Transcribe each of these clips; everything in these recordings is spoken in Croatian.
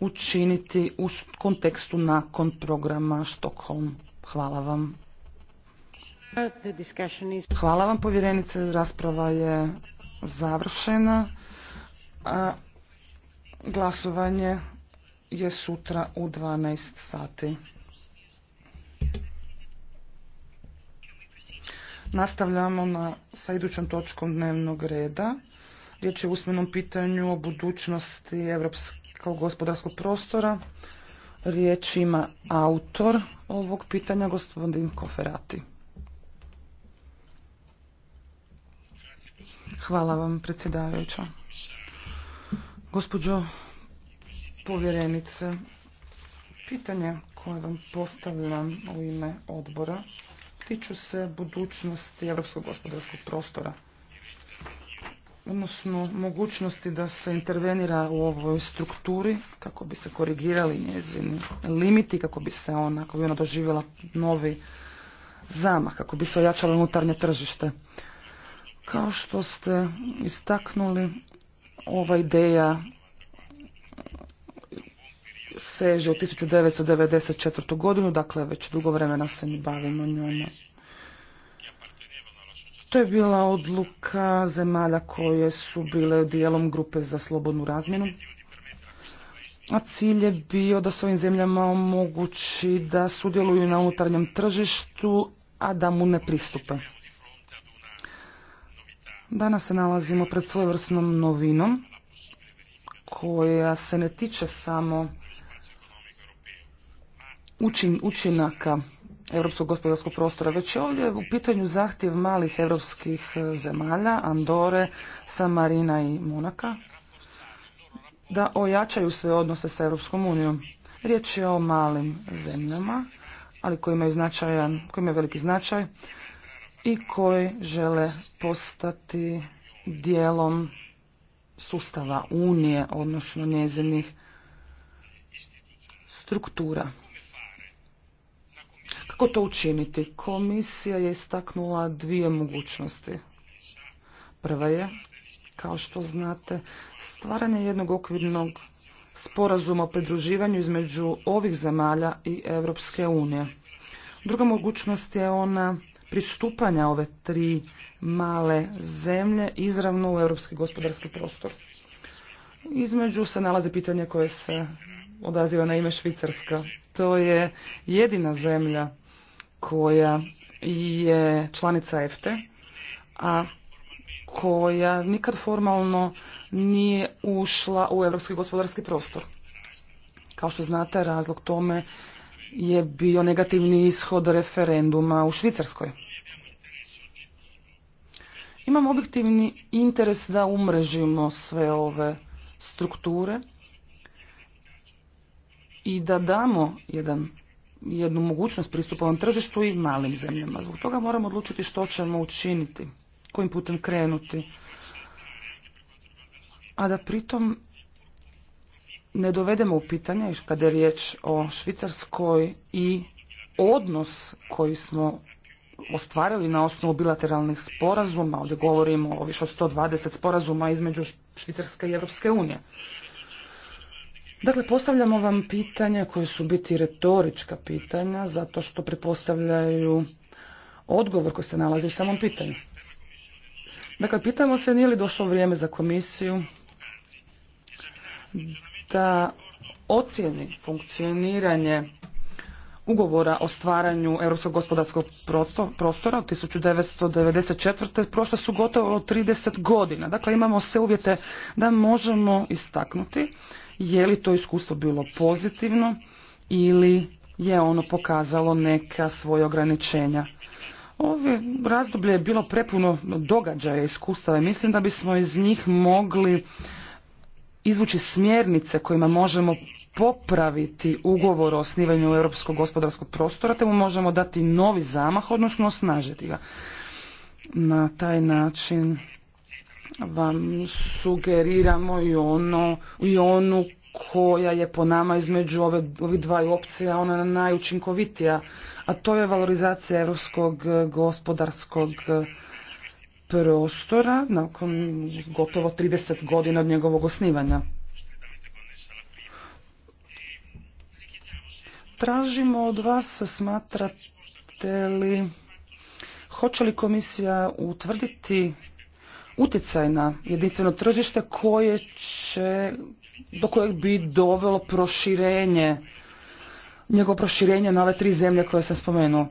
učiniti u kontekstu nakon programa Stockholm. Hvala vam. Hvala vam povjerenice, rasprava je završena. A glasovanje je sutra u 12 sati. Nastavljamo na, sa idućom točkom dnevnog reda. Riječ je o usmenom pitanju o budućnosti Evropske kao gospodarskog prostora. Riječ ima autor ovog pitanja, gospodin Koferati. Hvala vam, predsjedavajuća. Gospođo povjerenice, pitanje koje vam postavljam u ime odbora tiču se budućnosti Europskog gospodarskog prostora odnosno mogućnosti da se intervenira u ovoj strukturi kako bi se korigirali njezini limiti, kako bi se ona, kako bi ona doživjela novi zamah, kako bi se ojačalo unutarnje tržište. Kao što ste istaknuli, ova ideja seže u 1994. godinu, dakle već dugo vremena se mi bavimo njome. To je bila odluka zemalja koje su bile dijelom grupe za slobodnu razmjenu. A cilj je bio da svojim ovim zemljama omogući da sudjeluju na unutarnjem tržištu, a da mu ne pristupe. Danas se nalazimo pred svojevrsnom novinom koja se ne tiče samo učinaka europskog gospodarskog prostora, već je ovdje u pitanju zahtjev malih europskih e, zemalja, Andore, Samarina i Monaka, da ojačaju sve odnose sa Europskom unijom. Riječ je o malim zemljama, ali koji imaju, značajan, koji imaju veliki značaj i koji žele postati dijelom sustava Unije, odnosno njezinih struktura. Kako to učiniti? Komisija je istaknula dvije mogućnosti. Prva je, kao što znate, stvaranje jednog okvirnog sporazuma o pridruživanju između ovih zemalja i Europske unije. Druga mogućnost je ona pristupanja ove tri male zemlje izravno u europski gospodarski prostor. Između se nalazi pitanje koje se odaziva na ime Švicarska. To je jedina zemlja koja je članica EFTE, a koja nikad formalno nije ušla u europski gospodarski prostor. Kao što znate, razlog tome je bio negativni ishod referenduma u Švicarskoj. Imamo objektivni interes da umrežimo sve ove strukture i da damo jedan jednu mogućnost pristupa ovom tržištu i malim zemljama. Zbog toga moramo odlučiti što ćemo učiniti, kojim putem krenuti, a da pritom ne dovedemo u pitanje, kada je riječ o Švicarskoj i odnos koji smo ostvarili na osnovu bilateralnih sporazuma, ovdje govorimo o više od 120 sporazuma između Švicarske i Europske unije. Dakle, postavljamo vam pitanja koje su biti retorička pitanja, zato što pretpostavljaju odgovor koji se nalazi u samom pitanju. Dakle, pitamo se nije li došlo vrijeme za komisiju da ocjeni funkcioniranje ugovora o stvaranju Europskog gospodarskog prostora od 1994. prošle su gotovo 30 godina. Dakle, imamo sve uvjete da možemo istaknuti je li to iskustvo bilo pozitivno ili je ono pokazalo neka svoje ograničenja. Ove razdoblje je bilo prepuno događaja iskustava i mislim da bismo iz njih mogli izvući smjernice kojima možemo popraviti ugovor o osnivanju europskog gospodarskog prostora, te mu možemo dati novi zamah, odnosno osnažiti ga. Na taj način vam sugeriramo i, ono, i onu koja je po nama između ove, ovih dvaju opcija ona najučinkovitija, a to je valorizacija europskog e, gospodarskog e, prostora nakon gotovo 30 godina od njegovog osnivanja. Tražimo od vas, smatrate li, hoće li komisija utvrditi utjecaj na jedinstveno tržište koje će, do kojeg bi dovelo proširenje, njegovo proširenje na ove tri zemlje koje sam spomenuo.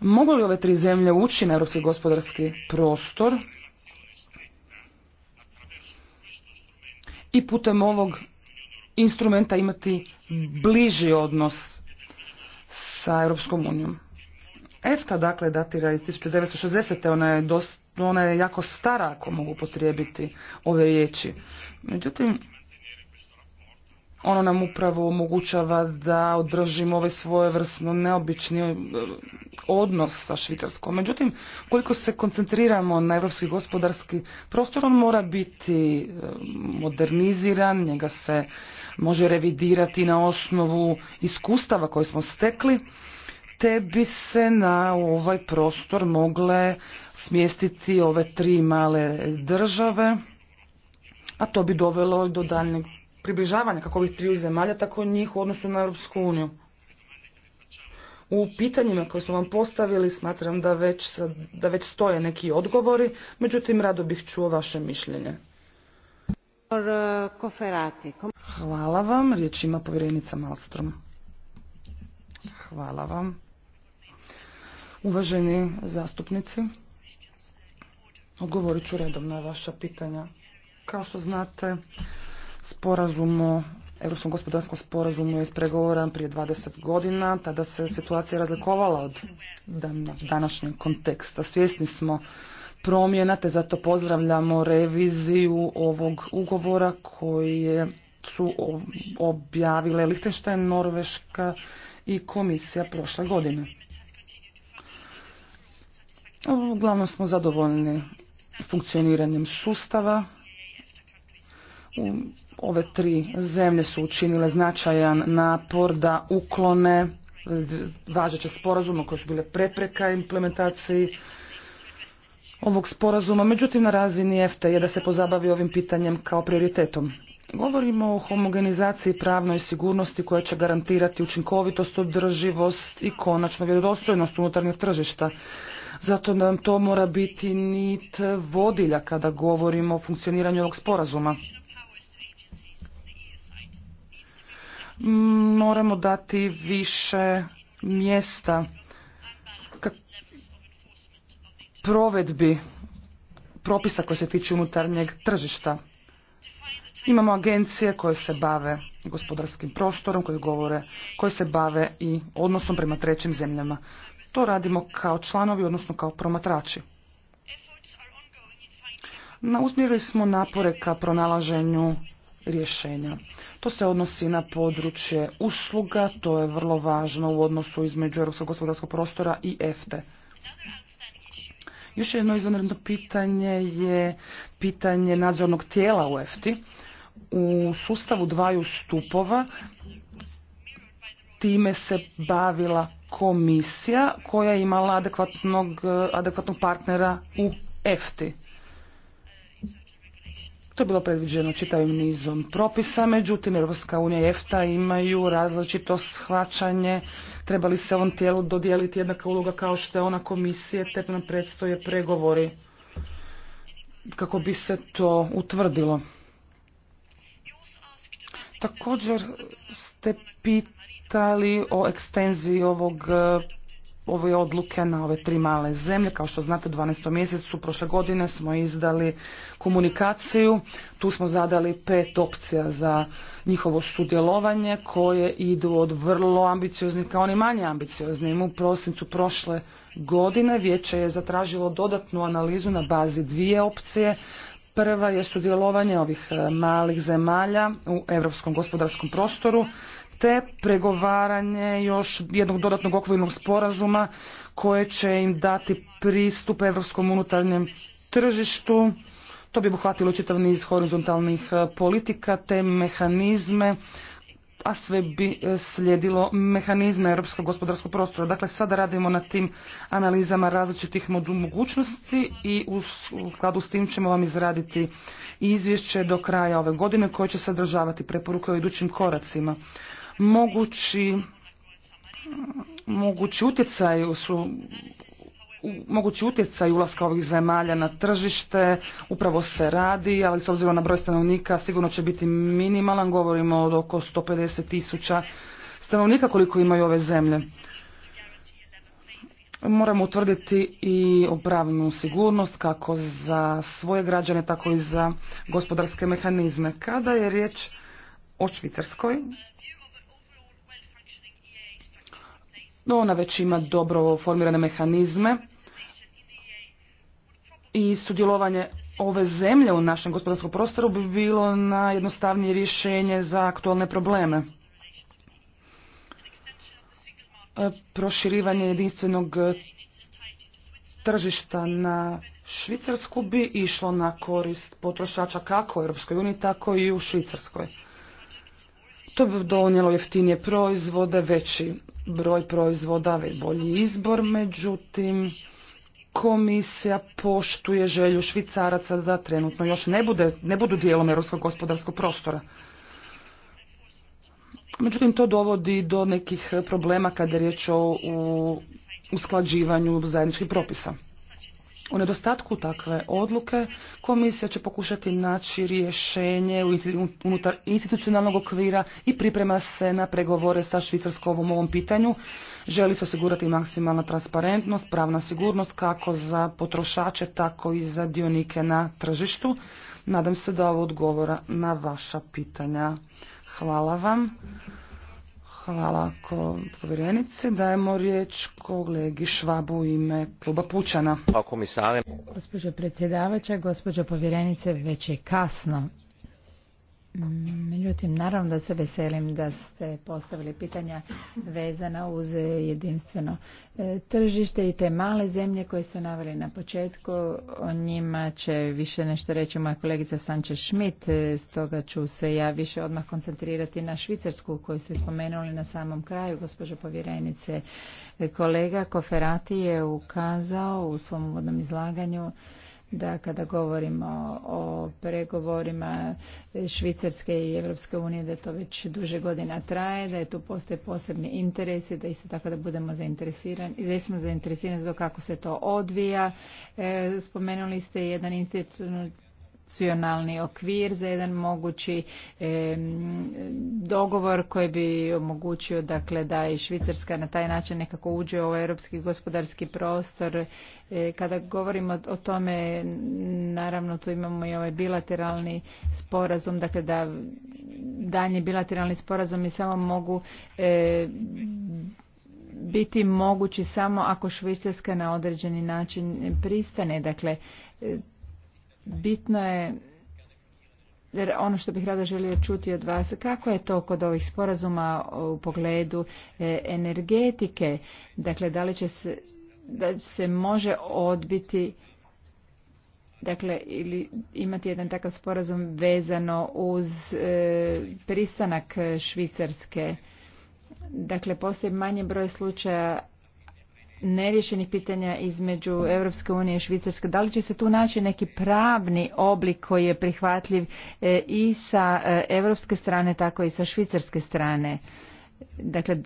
Mogu li ove tri zemlje ući na europski gospodarski prostor i putem ovog instrumenta imati bliži odnos sa Europskom unijom? EFTA, dakle, datira iz 1960. Ona je dosta ona je jako stara ako mogu potrijebiti ove riječi. Međutim, ono nam upravo omogućava da održimo ovaj svojevrsno neobični e, odnos sa Švicarskom. Međutim, koliko se koncentriramo na europski gospodarski prostor, on mora biti e, moderniziran, njega se može revidirati na osnovu iskustava koje smo stekli te bi se na ovaj prostor mogle smjestiti ove tri male države, a to bi dovelo do daljnjeg približavanja kako ovih triju zemalja, tako njih u odnosu na Europsku uniju. U pitanjima koje su vam postavili smatram da već, da već stoje neki odgovori, međutim rado bih čuo vaše mišljenje. Hvala vam, riječ ima povjerenica Malstrom. Hvala vam. Uvaženi zastupnici, odgovorit ću redom na vaša pitanja. Kao što znate, sporazum o Europskom gospodarskom sporazumu je ispregovoran prije 20 godina, tada se situacija razlikovala od današnjeg konteksta. Svjesni smo promjena, te zato pozdravljamo reviziju ovog ugovora koji je su objavile Lichtenstein, Norveška i komisija prošle godine. Uglavnom smo zadovoljni funkcioniranjem sustava. Ove tri zemlje su učinile značajan napor da uklone važeće sporazume koje su bile prepreka implementaciji ovog sporazuma. Međutim, na razini EFTA je da se pozabavi ovim pitanjem kao prioritetom. Govorimo o homogenizaciji pravnoj sigurnosti koja će garantirati učinkovitost, održivost i konačno vjerodostojnost unutarnjeg tržišta. Zato nam to mora biti nit vodilja kada govorimo o funkcioniranju ovog sporazuma. Moramo dati više mjesta provedbi propisa koje se tiču unutarnjeg tržišta. Imamo agencije koje se bave gospodarskim prostorom, koje govore, koje se bave i odnosom prema trećim zemljama. To radimo kao članovi, odnosno kao promatrači. Usmjerili smo napore ka pronalaženju rješenja. To se odnosi na područje usluga, to je vrlo važno u odnosu između Europskog gospodarskog prostora i EFTE. Još jedno izvanredno pitanje je pitanje nadzornog tijela u EFTI. U sustavu dvaju stupova time se bavila komisija koja je imala adekvatnog, adekvatnog partnera u EFTI. To je bilo predviđeno čitavim nizom propisa, međutim Europska unija i EFTA imaju različito shvaćanje, treba li se ovom tijelu dodijeliti jednaka uloga kao što je ona komisije, te nam predstoje pregovori kako bi se to utvrdilo. Također ste pitali ali o ekstenziji ovog eh, ove odluke na ove tri male zemlje. Kao što znate, u 12. mjesecu prošle godine smo izdali komunikaciju. Tu smo zadali pet opcija za njihovo sudjelovanje koje idu od vrlo ambicioznih kao oni manje ambicioznim. U prosincu prošle godine vijeće je zatražilo dodatnu analizu na bazi dvije opcije. Prva je sudjelovanje ovih eh, malih zemalja u europskom gospodarskom prostoru te pregovaranje još jednog dodatnog okvirnog sporazuma koje će im dati pristup europskom unutarnjem tržištu. To bi obuhvatilo čitav niz horizontalnih e, politika te mehanizme a sve bi e, slijedilo mehanizme europskog gospodarskog prostora. Dakle, sada radimo na tim analizama različitih mogućnosti i u skladu s tim ćemo vam izraditi izvješće do kraja ove godine koje će sadržavati preporuke o idućim koracima mogući mogući utjecaj su mogući utjecaj ulaska ovih zemalja na tržište, upravo se radi, ali s obzirom na broj stanovnika sigurno će biti minimalan, govorimo od oko 150 tisuća stanovnika koliko imaju ove zemlje. Moramo utvrditi i opravnu sigurnost kako za svoje građane, tako i za gospodarske mehanizme. Kada je riječ o Švicarskoj, no ona već ima dobro formirane mehanizme i sudjelovanje ove zemlje u našem gospodarskom prostoru bi bilo jednostavnije rješenje za aktualne probleme. E, proširivanje jedinstvenog tržišta na Švicarsku bi išlo na korist potrošača kako u EU, tako i u Švicarskoj. To bi donijelo jeftinije proizvode, veći broj proizvoda, bolji izbor, međutim komisija poštuje želju švicaraca da trenutno još ne, bude, ne budu dijelom europskog gospodarskog prostora. Međutim, to dovodi do nekih problema kada je riječ o usklađivanju zajedničkih propisa. U nedostatku takve odluke komisija će pokušati naći rješenje unutar institucionalnog okvira i priprema se na pregovore sa Švicarskom ovom pitanju. Želi se osigurati maksimalna transparentnost, pravna sigurnost kako za potrošače, tako i za dionike na tržištu. Nadam se da ovo odgovora na vaša pitanja. Hvala vam. Hvala ako povjerenici. Dajemo riječ kolegi Švabu u ime kluba Pučana. Gospođo predsjedavača, gospođo povjerenice, već je kasno Međutim, naravno da se veselim da ste postavili pitanja vezana uz jedinstveno e, tržište i te male zemlje koje ste naveli na početku. O njima će više nešto reći moja kolegica Sanče Schmidt, e, stoga ću se ja više odmah koncentrirati na Švicarsku koju ste spomenuli na samom kraju, gospođo povjerenice. E, kolega Koferati je ukazao u svom uvodnom izlaganju da kada govorimo o pregovorima Švicarske i Europske unije da to već duže godina traje, da je tu postoje posebni interesi, da isto tako da budemo zainteresirani, da smo zainteresirani za kako se to odvija. E, spomenuli ste jedan institut institucionalni okvir za jedan mogući dogovor koji bi omogućio dakle da i Švicarska na taj način nekako uđe u ovaj europski gospodarski prostor. E, kada govorimo o tome naravno tu imamo i ovaj bilateralni sporazum dakle da danji bilateralni sporazumi samo mogu e, biti mogući samo ako Švicarska na određeni način pristane. Dakle, Bitno je jer ono što bih rado želio čuti od vas, kako je to kod ovih sporazuma u pogledu e, energetike? Dakle, da li će se, da se može odbiti dakle ili imati jedan takav sporazum vezano uz e, pristanak švicarske dakle postoji manji broj slučaja neriješenih pitanja između Europske unije i Švicarske. Da li će se tu naći neki pravni oblik koji je prihvatljiv e, i sa europske strane, tako i sa švicarske strane? Dakle,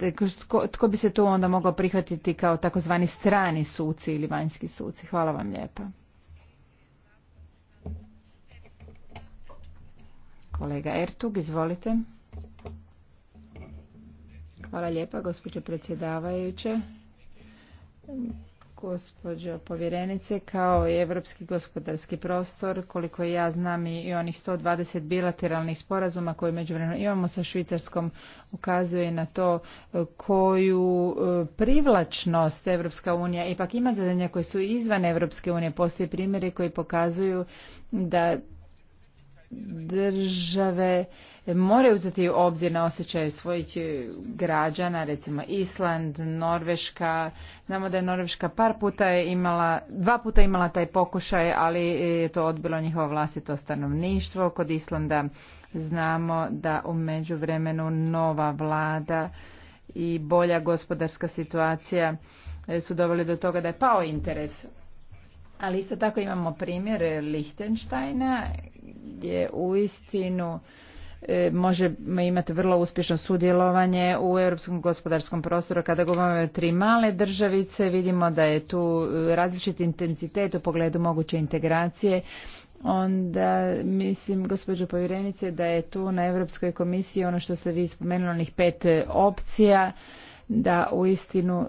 tko, bi se tu onda mogao prihvatiti kao takozvani strani suci ili vanjski suci? Hvala vam lijepa. Kolega Ertug, izvolite. Hvala lijepa, gospođo predsjedavajuće gospođo povjerenice, kao i Europski gospodarski prostor, koliko ja znam i onih 120 bilateralnih sporazuma koje međuvremeno imamo sa Švicarskom ukazuje na to e, koju e, privlačnost Evropska unija ipak ima za zemlje koje su izvan Evropske unije. Postoje primjeri koji pokazuju da države moraju uzeti obzir na osjećaje svojih građana, recimo Island, Norveška. Znamo da je Norveška par puta je imala, dva puta imala taj pokušaj, ali je to odbilo njihovo vlastito stanovništvo. Kod Islanda znamo da u međuvremenu nova vlada i bolja gospodarska situacija su doveli do toga da je pao interes ali isto tako imamo primjer Lichtensteina gdje uistinu e, možemo imati vrlo uspješno sudjelovanje u europskom gospodarskom prostoru. Kada govorimo o tri male državice, vidimo da je tu e, različit intenzitet u pogledu moguće integracije. Onda mislim, gospođo povjerenice, da je tu na Europskoj komisiji ono što ste vi spomenuli, onih pet opcija, da uistinu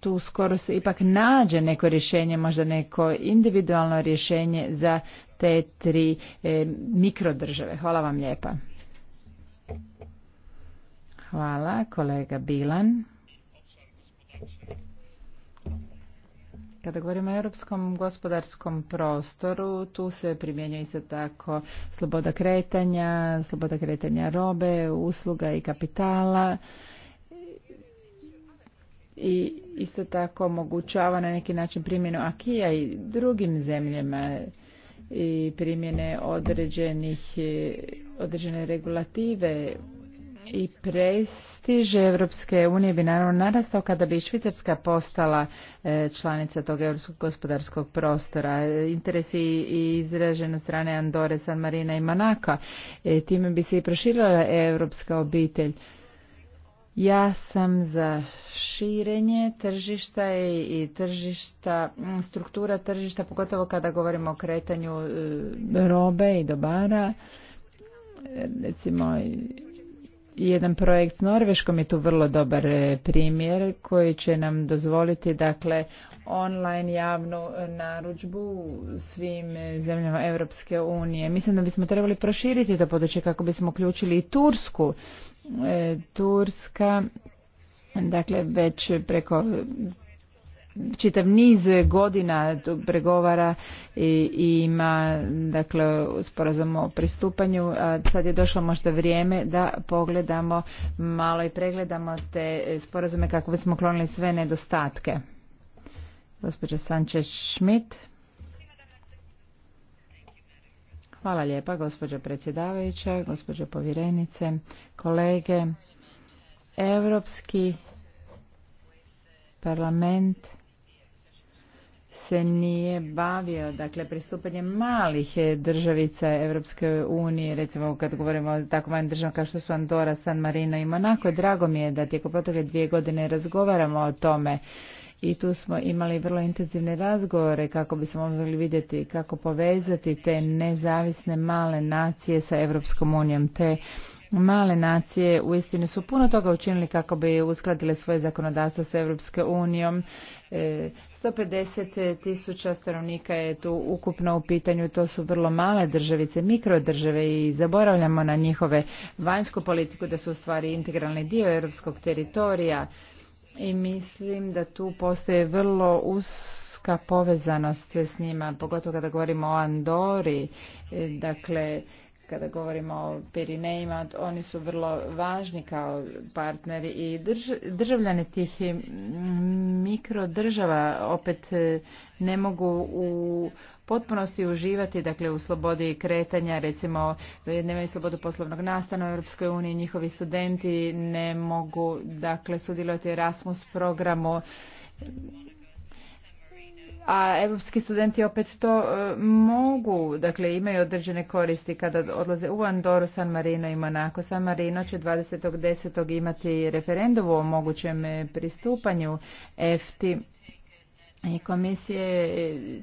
tu skoro se ipak nađe neko rješenje, možda neko individualno rješenje za te tri e, mikrodržave. Hvala vam lijepa. Hvala, kolega Bilan. Kada govorimo o europskom gospodarskom prostoru, tu se primjenjuje isto tako sloboda kretanja, sloboda kretanja robe, usluga i kapitala i isto tako omogućava na neki način primjenu akija i drugim zemljama i primjene određenih određene regulative i prestiž Evropske unije bi naravno narastao kada bi Švicarska postala e, članica tog europskog gospodarskog prostora. Interesi i od strane Andore, San Marina i Manaka. E, time bi se i proširila europska obitelj. Ja sam za širenje tržišta i tržišta, mm, struktura tržišta, pogotovo kada govorimo o kretanju e, robe i dobara. Recimo, jedan projekt s Norveškom je tu vrlo dobar e, primjer koji će nam dozvoliti dakle online javnu narudžbu svim zemljama Europske unije. Mislim da bismo trebali proširiti to područje kako bismo uključili i Tursku E, Turska, dakle već preko čitav niz godina pregovara i, ima dakle sporazum o pristupanju a sad je došlo možda vrijeme da pogledamo malo i pregledamo te sporazume kako bismo klonili sve nedostatke gospođa Sanče Schmidt Hvala lijepa gospođo predsjedavajuća, gospođo povjerenice, kolege. Europski parlament se nije bavio dakle pristupanjem malih državica Europske unije, recimo kad govorimo o tako državama kao što su Andora, San Marino i Monako, drago mi je da tijekom protekle dvije godine razgovaramo o tome i tu smo imali vrlo intenzivne razgovore kako bismo mogli vidjeti kako povezati te nezavisne male nacije sa Europskom unijom, te Male nacije istini su puno toga učinili kako bi uskladile svoje zakonodavstvo sa Europske unijom. 150 e, tisuća stanovnika je tu ukupno u pitanju, to su vrlo male državice, mikrodržave i zaboravljamo na njihove vanjsku politiku da su u stvari integralni dio europskog teritorija i mislim da tu postoje vrlo uska povezanost s njima, pogotovo kada govorimo o Andori, e, dakle kada govorimo o Pirinejima, oni su vrlo važni kao partneri i državljani tih mikrodržava opet e, ne mogu u potpunosti uživati dakle u slobodi kretanja recimo nemaju slobodu poslovnog nastana u Europskoj uniji njihovi studenti ne mogu dakle sudjelovati Erasmus programu a europski studenti opet to e, mogu, dakle imaju određene koristi kada odlaze u Andoru, San Marino i Monako. San Marino će 20.10. imati referendum o mogućem pristupanju EFTI Komisije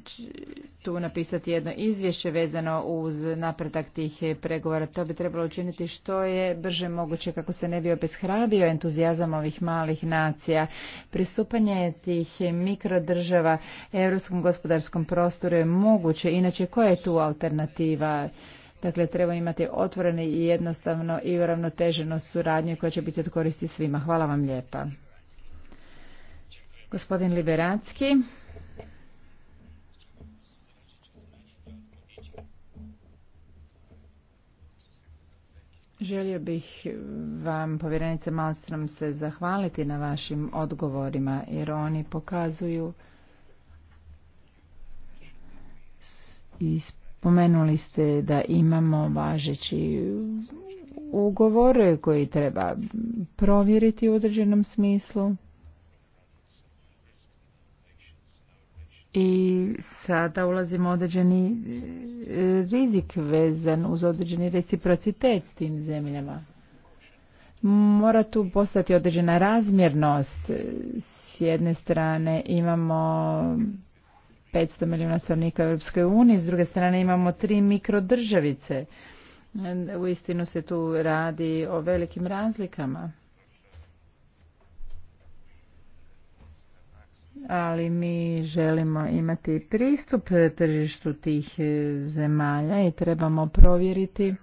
tu napisati jedno izvješće vezano uz napredak tih pregovora. To bi trebalo učiniti što je brže moguće kako se ne bi obeshrabio entuzijazam ovih malih nacija. Pristupanje tih mikrodržava europskom gospodarskom prostoru je moguće. Inače, koja je tu alternativa? Dakle, treba imati otvorene i jednostavno i uravnoteženo suradnje koja će biti od koristi svima. Hvala vam lijepa. Gospodin Liberacki. Želio bih vam, povjerenice Malstrom, se zahvaliti na vašim odgovorima, jer oni pokazuju i spomenuli ste da imamo važeći ugovor koji treba provjeriti u određenom smislu. i sada ulazimo određeni e, rizik vezan uz određeni reciprocitet s tim zemljama. Mora tu postati određena razmjernost. E, s jedne strane imamo 500 milijuna stanovnika u Europskoj s druge strane imamo tri mikrodržavice. E, Uistinu se tu radi o velikim razlikama. ali mi želimo imati pristup tržištu tih e, zemalja i trebamo provjeriti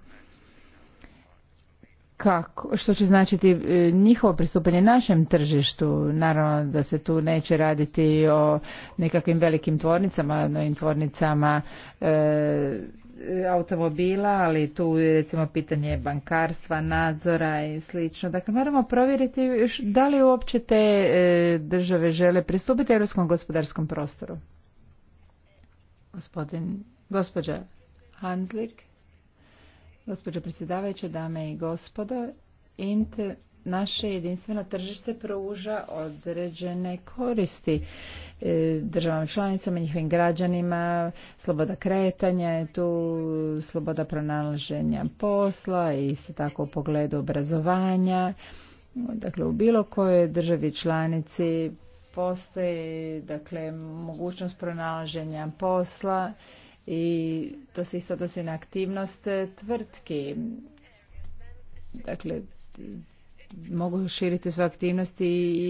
kako, što će značiti e, njihovo pristupanje našem tržištu. Naravno da se tu neće raditi o nekakvim velikim tvornicama, no i tvornicama e, automobila, ali tu je recimo pitanje bankarstva, nadzora i slično. Dakle, moramo provjeriti da li uopće te e, države žele pristupiti europskom gospodarskom prostoru. Gospodin, gospođa Hanslik, gospođa predsjedavajuća, dame i gospodo, Inter, naše jedinstveno tržište pruža određene koristi e, državama članicama, njihovim građanima, sloboda kretanja tu, sloboda pronalaženja posla i isto tako u pogledu obrazovanja. Dakle, u bilo kojoj državi članici postoji dakle, mogućnost pronalaženja posla i to se isto odnosi na aktivnost tvrtki. Dakle, mogu širiti svoje aktivnosti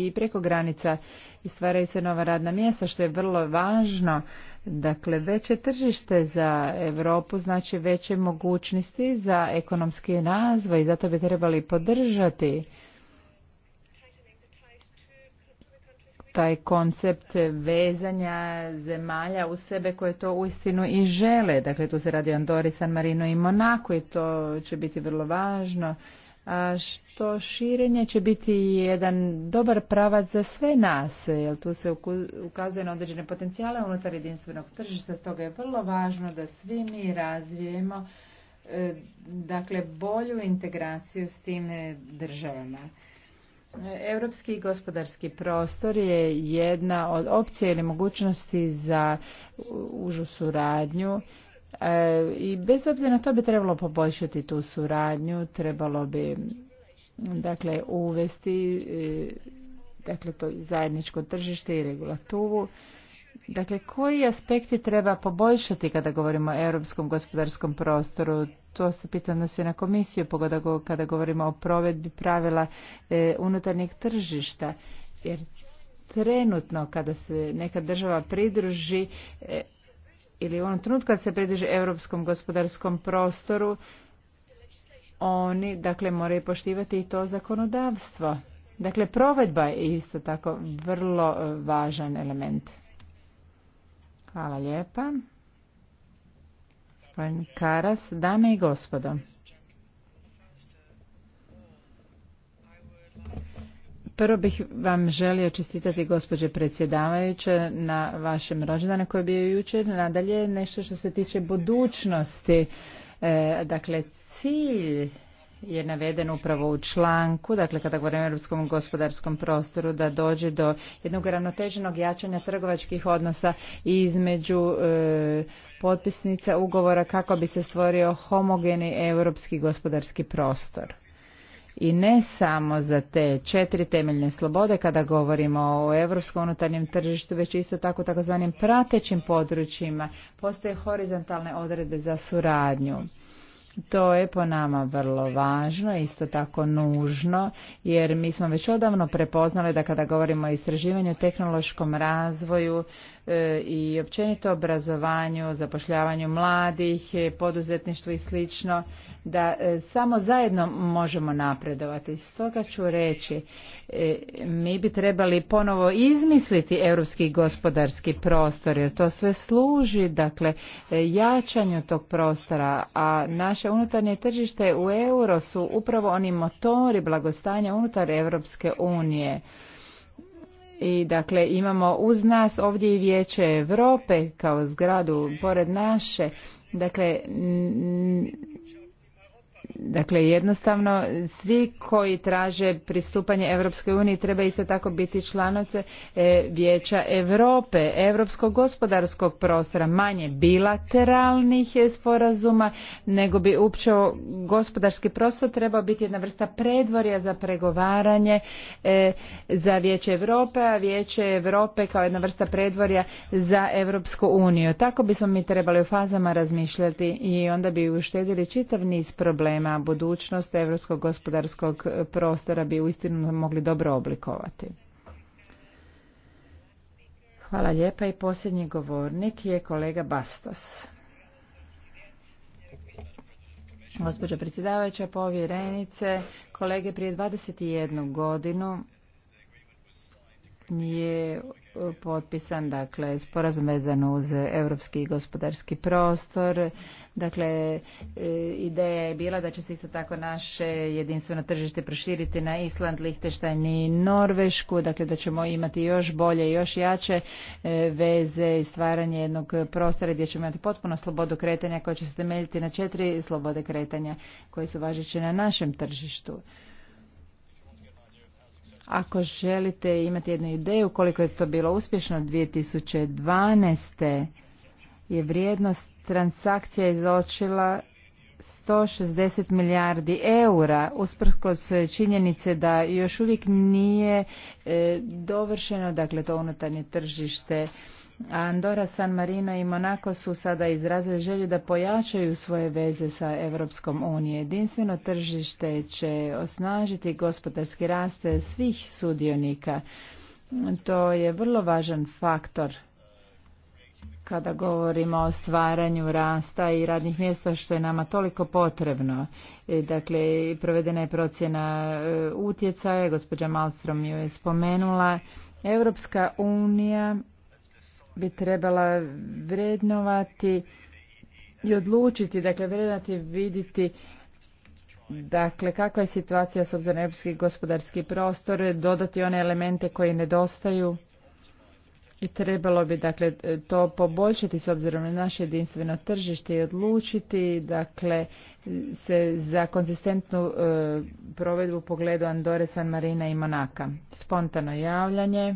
i preko granica i stvaraju se nova radna mjesta što je vrlo važno. Dakle, veće tržište za Europu znači veće mogućnosti za ekonomski razvoj i zato bi trebali podržati taj koncept vezanja zemalja u sebe koje to uistinu i žele. Dakle, tu se radi o Andori, San Marino i Monako i to će biti vrlo važno što širenje će biti jedan dobar pravac za sve nas, jer tu se ukazuje na određene potencijale unutar jedinstvenog tržišta, stoga je vrlo važno da svi mi razvijemo e, dakle, bolju integraciju s tim e, državama. Europski gospodarski prostor je jedna od opcija ili mogućnosti za užu suradnju E, I bez obzira na to bi trebalo poboljšati tu suradnju, trebalo bi dakle uvesti e, dakle to zajedničko tržište i regulativu. Dakle, koji aspekti treba poboljšati kada govorimo o europskom gospodarskom prostoru? To se pitam na sve na komisiju, kada govorimo o provedbi pravila e, unutarnjeg tržišta. Jer trenutno kada se neka država pridruži e, ili u onom trenutku kad se pridruže europskom gospodarskom prostoru, oni dakle moraju poštivati i to zakonodavstvo. Dakle, provedba je isto tako vrlo e, važan element. Hvala lijepa. Karas, dame i gospodo. Prvo bih vam želio čestitati gospođe predsjedavajuće na vašem rođendanu koji je bio jučer. Nadalje, nešto što se tiče budućnosti. E, dakle, cilj je naveden upravo u članku, dakle kada govorimo o europskom gospodarskom prostoru, da dođe do jednog ravnoteženog jačanja trgovačkih odnosa između e, potpisnica ugovora kako bi se stvorio homogeni europski gospodarski prostor i ne samo za te četiri temeljne slobode kada govorimo o europskom unutarnjem tržištu, već isto tako takozvanim pratećim područjima. Postoje horizontalne odredbe za suradnju. To je po nama vrlo važno, isto tako nužno, jer mi smo već odavno prepoznali da kada govorimo o istraživanju, tehnološkom razvoju, E, i općenito obrazovanju, zapošljavanju mladih, e, poduzetništvu i slično, da e, samo zajedno možemo napredovati. Stoga ću reći, mi bi trebali ponovo izmisliti europski gospodarski prostor, jer to sve služi, dakle, jačanju tog prostora, a naše unutarnje tržište u euro su upravo oni motori blagostanja unutar Europske unije i dakle imamo uz nas ovdje i Vijeće Europe kao zgradu pored naše. Dakle, Dakle, jednostavno, svi koji traže pristupanje Europskoj uniji treba isto tako biti članice Vijeća Europe, Europskog gospodarskog prostora, manje bilateralnih sporazuma, nego bi uopće gospodarski prostor trebao biti jedna vrsta predvorja za pregovaranje e, za Vijeće Europe, a Vijeće Europe kao jedna vrsta predvorja za Europsku uniju. Tako bismo mi trebali u fazama razmišljati i onda bi uštedili čitav niz problema ima budućnost europskog gospodarskog prostora bi uistinu mogli dobro oblikovati. Hvala lijepa i posljednji govornik je kolega Bastos. Gospođo predsjedavajuća, povjerenice, kolege prije 21 godinu je e, potpisan dakle sporazum vezan uz europski gospodarski prostor. Dakle e, ideja je bila da će se isto tako naše jedinstveno tržište proširiti na Island, Lichtenstein i Norvešku, dakle da ćemo imati još bolje i još jače e, veze i stvaranje jednog prostora gdje ćemo imati potpuno slobodu kretanja koja će se temeljiti na četiri slobode kretanja koje su važeće na našem tržištu. Ako želite imati jednu ideju koliko je to bilo uspješno 2012. je vrijednost transakcija izočila 160 milijardi eura usprkos činjenice da još uvijek nije e, dovršeno dakle to unutarnje tržište Andora, San Marino i Monako su sada izrazili želju da pojačaju svoje veze sa Evropskom unije. Jedinstveno tržište će osnažiti gospodarski rast svih sudionika. To je vrlo važan faktor kada govorimo o stvaranju rasta i radnih mjesta što je nama toliko potrebno. E, dakle, provedena je procjena e, utjecaja, gospođa Malstrom ju je spomenula. Europska unija bi trebala vrednovati i odlučiti, dakle vrednovati, vidjeti Dakle, kakva je situacija s obzirom na europski gospodarski prostor, dodati one elemente koji nedostaju i trebalo bi dakle to poboljšati s obzirom na naše jedinstveno tržište i odlučiti dakle se za konzistentnu e, provedbu pogledu Andore, San Marina i Monaka. Spontano javljanje.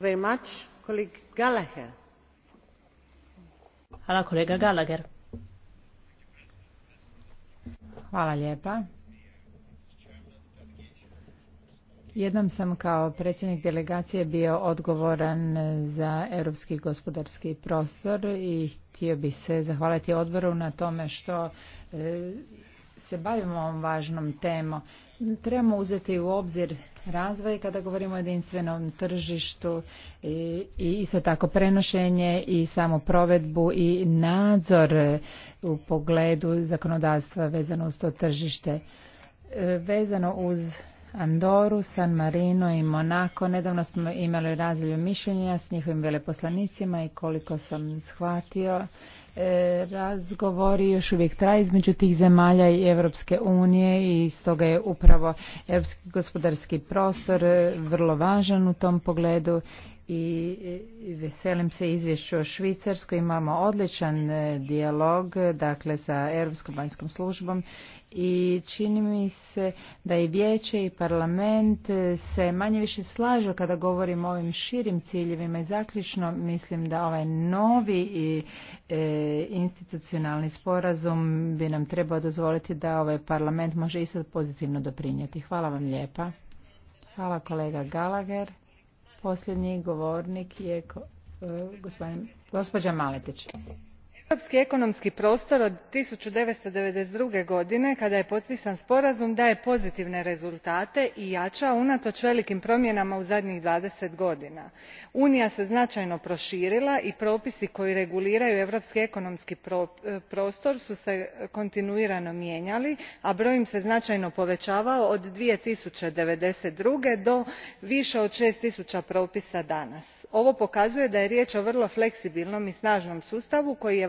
kolega Hvala Jednom sam kao predsjednik delegacije bio odgovoran za europski gospodarski prostor i htio bih se zahvaliti odboru na tome što e, se bavimo ovom važnom temom. Trebamo uzeti u obzir razvoj kada govorimo o jedinstvenom tržištu i isto tako prenošenje i samo provedbu i nadzor e, u pogledu zakonodavstva vezano uz to tržište. E, vezano uz Andoru, San Marino i Monako. Nedavno smo imali razliju mišljenja s njihovim veleposlanicima i koliko sam shvatio, E, razgovori još uvijek traje između tih zemalja i Europske unije i stoga je upravo europski gospodarski prostor e, vrlo važan u tom pogledu i veselim se izvješću o Švicarskoj. Imamo odličan e, dijalog dakle, sa Europskom vanjskom službom i čini mi se da i vijeće i parlament e, se manje više slažu kada govorimo o ovim širim ciljevima i zaključno mislim da ovaj novi i e, institucionalni sporazum bi nam trebao dozvoliti da ovaj parlament može isto pozitivno doprinijeti. Hvala vam lijepa. Hvala kolega Gallagher. Posljednji govornik je e, gospođa Maletić europski ekonomski prostor od one thousand nine hundred and ninety two godine kada je potpisan sporazum daje pozitivne rezultate i jaa unato velikim promjenama u zadnjih twenty godina. unija se znaajno proširila i propisi koji reguliraju europski ekonomski e, prostor su se kontinuirano mijenjali a broj im se znaajno poveavao od. two thousand and ninety two do više od six propisa danas. ovo pokazuje da je rije o vrlo fleksibilnom i snanom sustavu koji je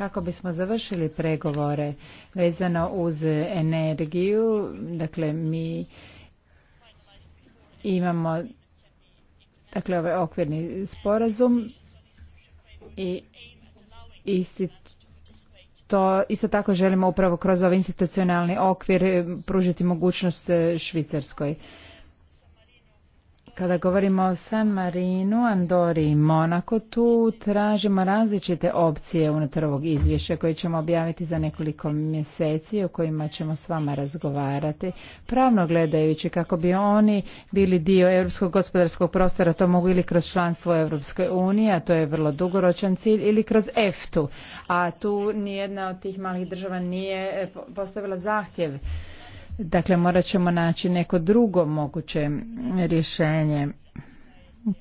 kako bismo završili pregovore vezano uz energiju. Dakle, mi imamo dakle, ovaj okvirni sporazum i isti to isto tako želimo upravo kroz ovaj institucionalni okvir pružiti mogućnost Švicarskoj. Kada govorimo o San Marinu, Andori i Monako, tu tražimo različite opcije unutar ovog izvješća koje ćemo objaviti za nekoliko mjeseci o kojima ćemo s vama razgovarati. Pravno gledajući kako bi oni bili dio europskog gospodarskog prostora, to mogu ili kroz članstvo Europskoj unije, a to je vrlo dugoročan cilj, ili kroz EFTU, a tu nijedna od tih malih država nije eh, postavila zahtjev Dakle, morat ćemo naći neko drugo moguće rješenje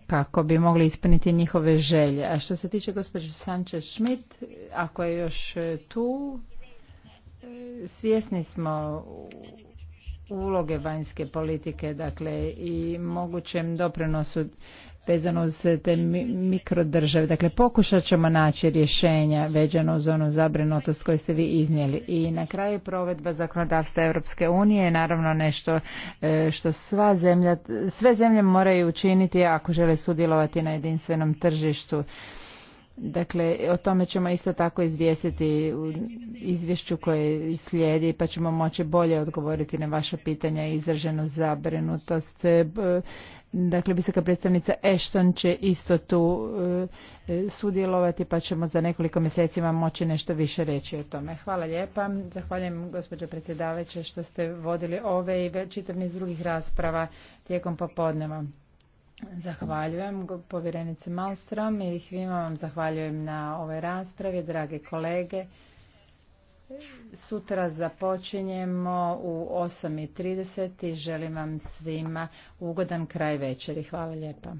kako bi mogli ispuniti njihove želje. A što se tiče gospođe Sanchez Schmidt, ako je još tu, svjesni smo uloge vanjske politike dakle i mogućem doprinosu vezano uz te mikrodržave. Dakle, pokušat ćemo naći rješenja veđano uz onu zabrinutost koju ste vi iznijeli. I na kraju provedba zakonodavstva Europske unije je naravno nešto e, što sva zemlja, sve zemlje moraju učiniti ako žele sudjelovati na jedinstvenom tržištu. Dakle, o tome ćemo isto tako izvijestiti u izvješću koje slijedi, pa ćemo moći bolje odgovoriti na vaša pitanja i izraženu zabrinutost. E, dakle, visoka predstavnica Ashton će isto tu e, sudjelovati, pa ćemo za nekoliko mjeseci vam moći nešto više reći o tome. Hvala lijepa. Zahvaljujem gospođo predsjedaveće što ste vodili ove i čitav niz drugih rasprava tijekom popodneva. Zahvaljujem povjerenice Malstrom i svima vam zahvaljujem na ovoj raspravi, drage kolege. Sutra započinjemo u 8.30 i želim vam svima ugodan kraj večeri. Hvala lijepa.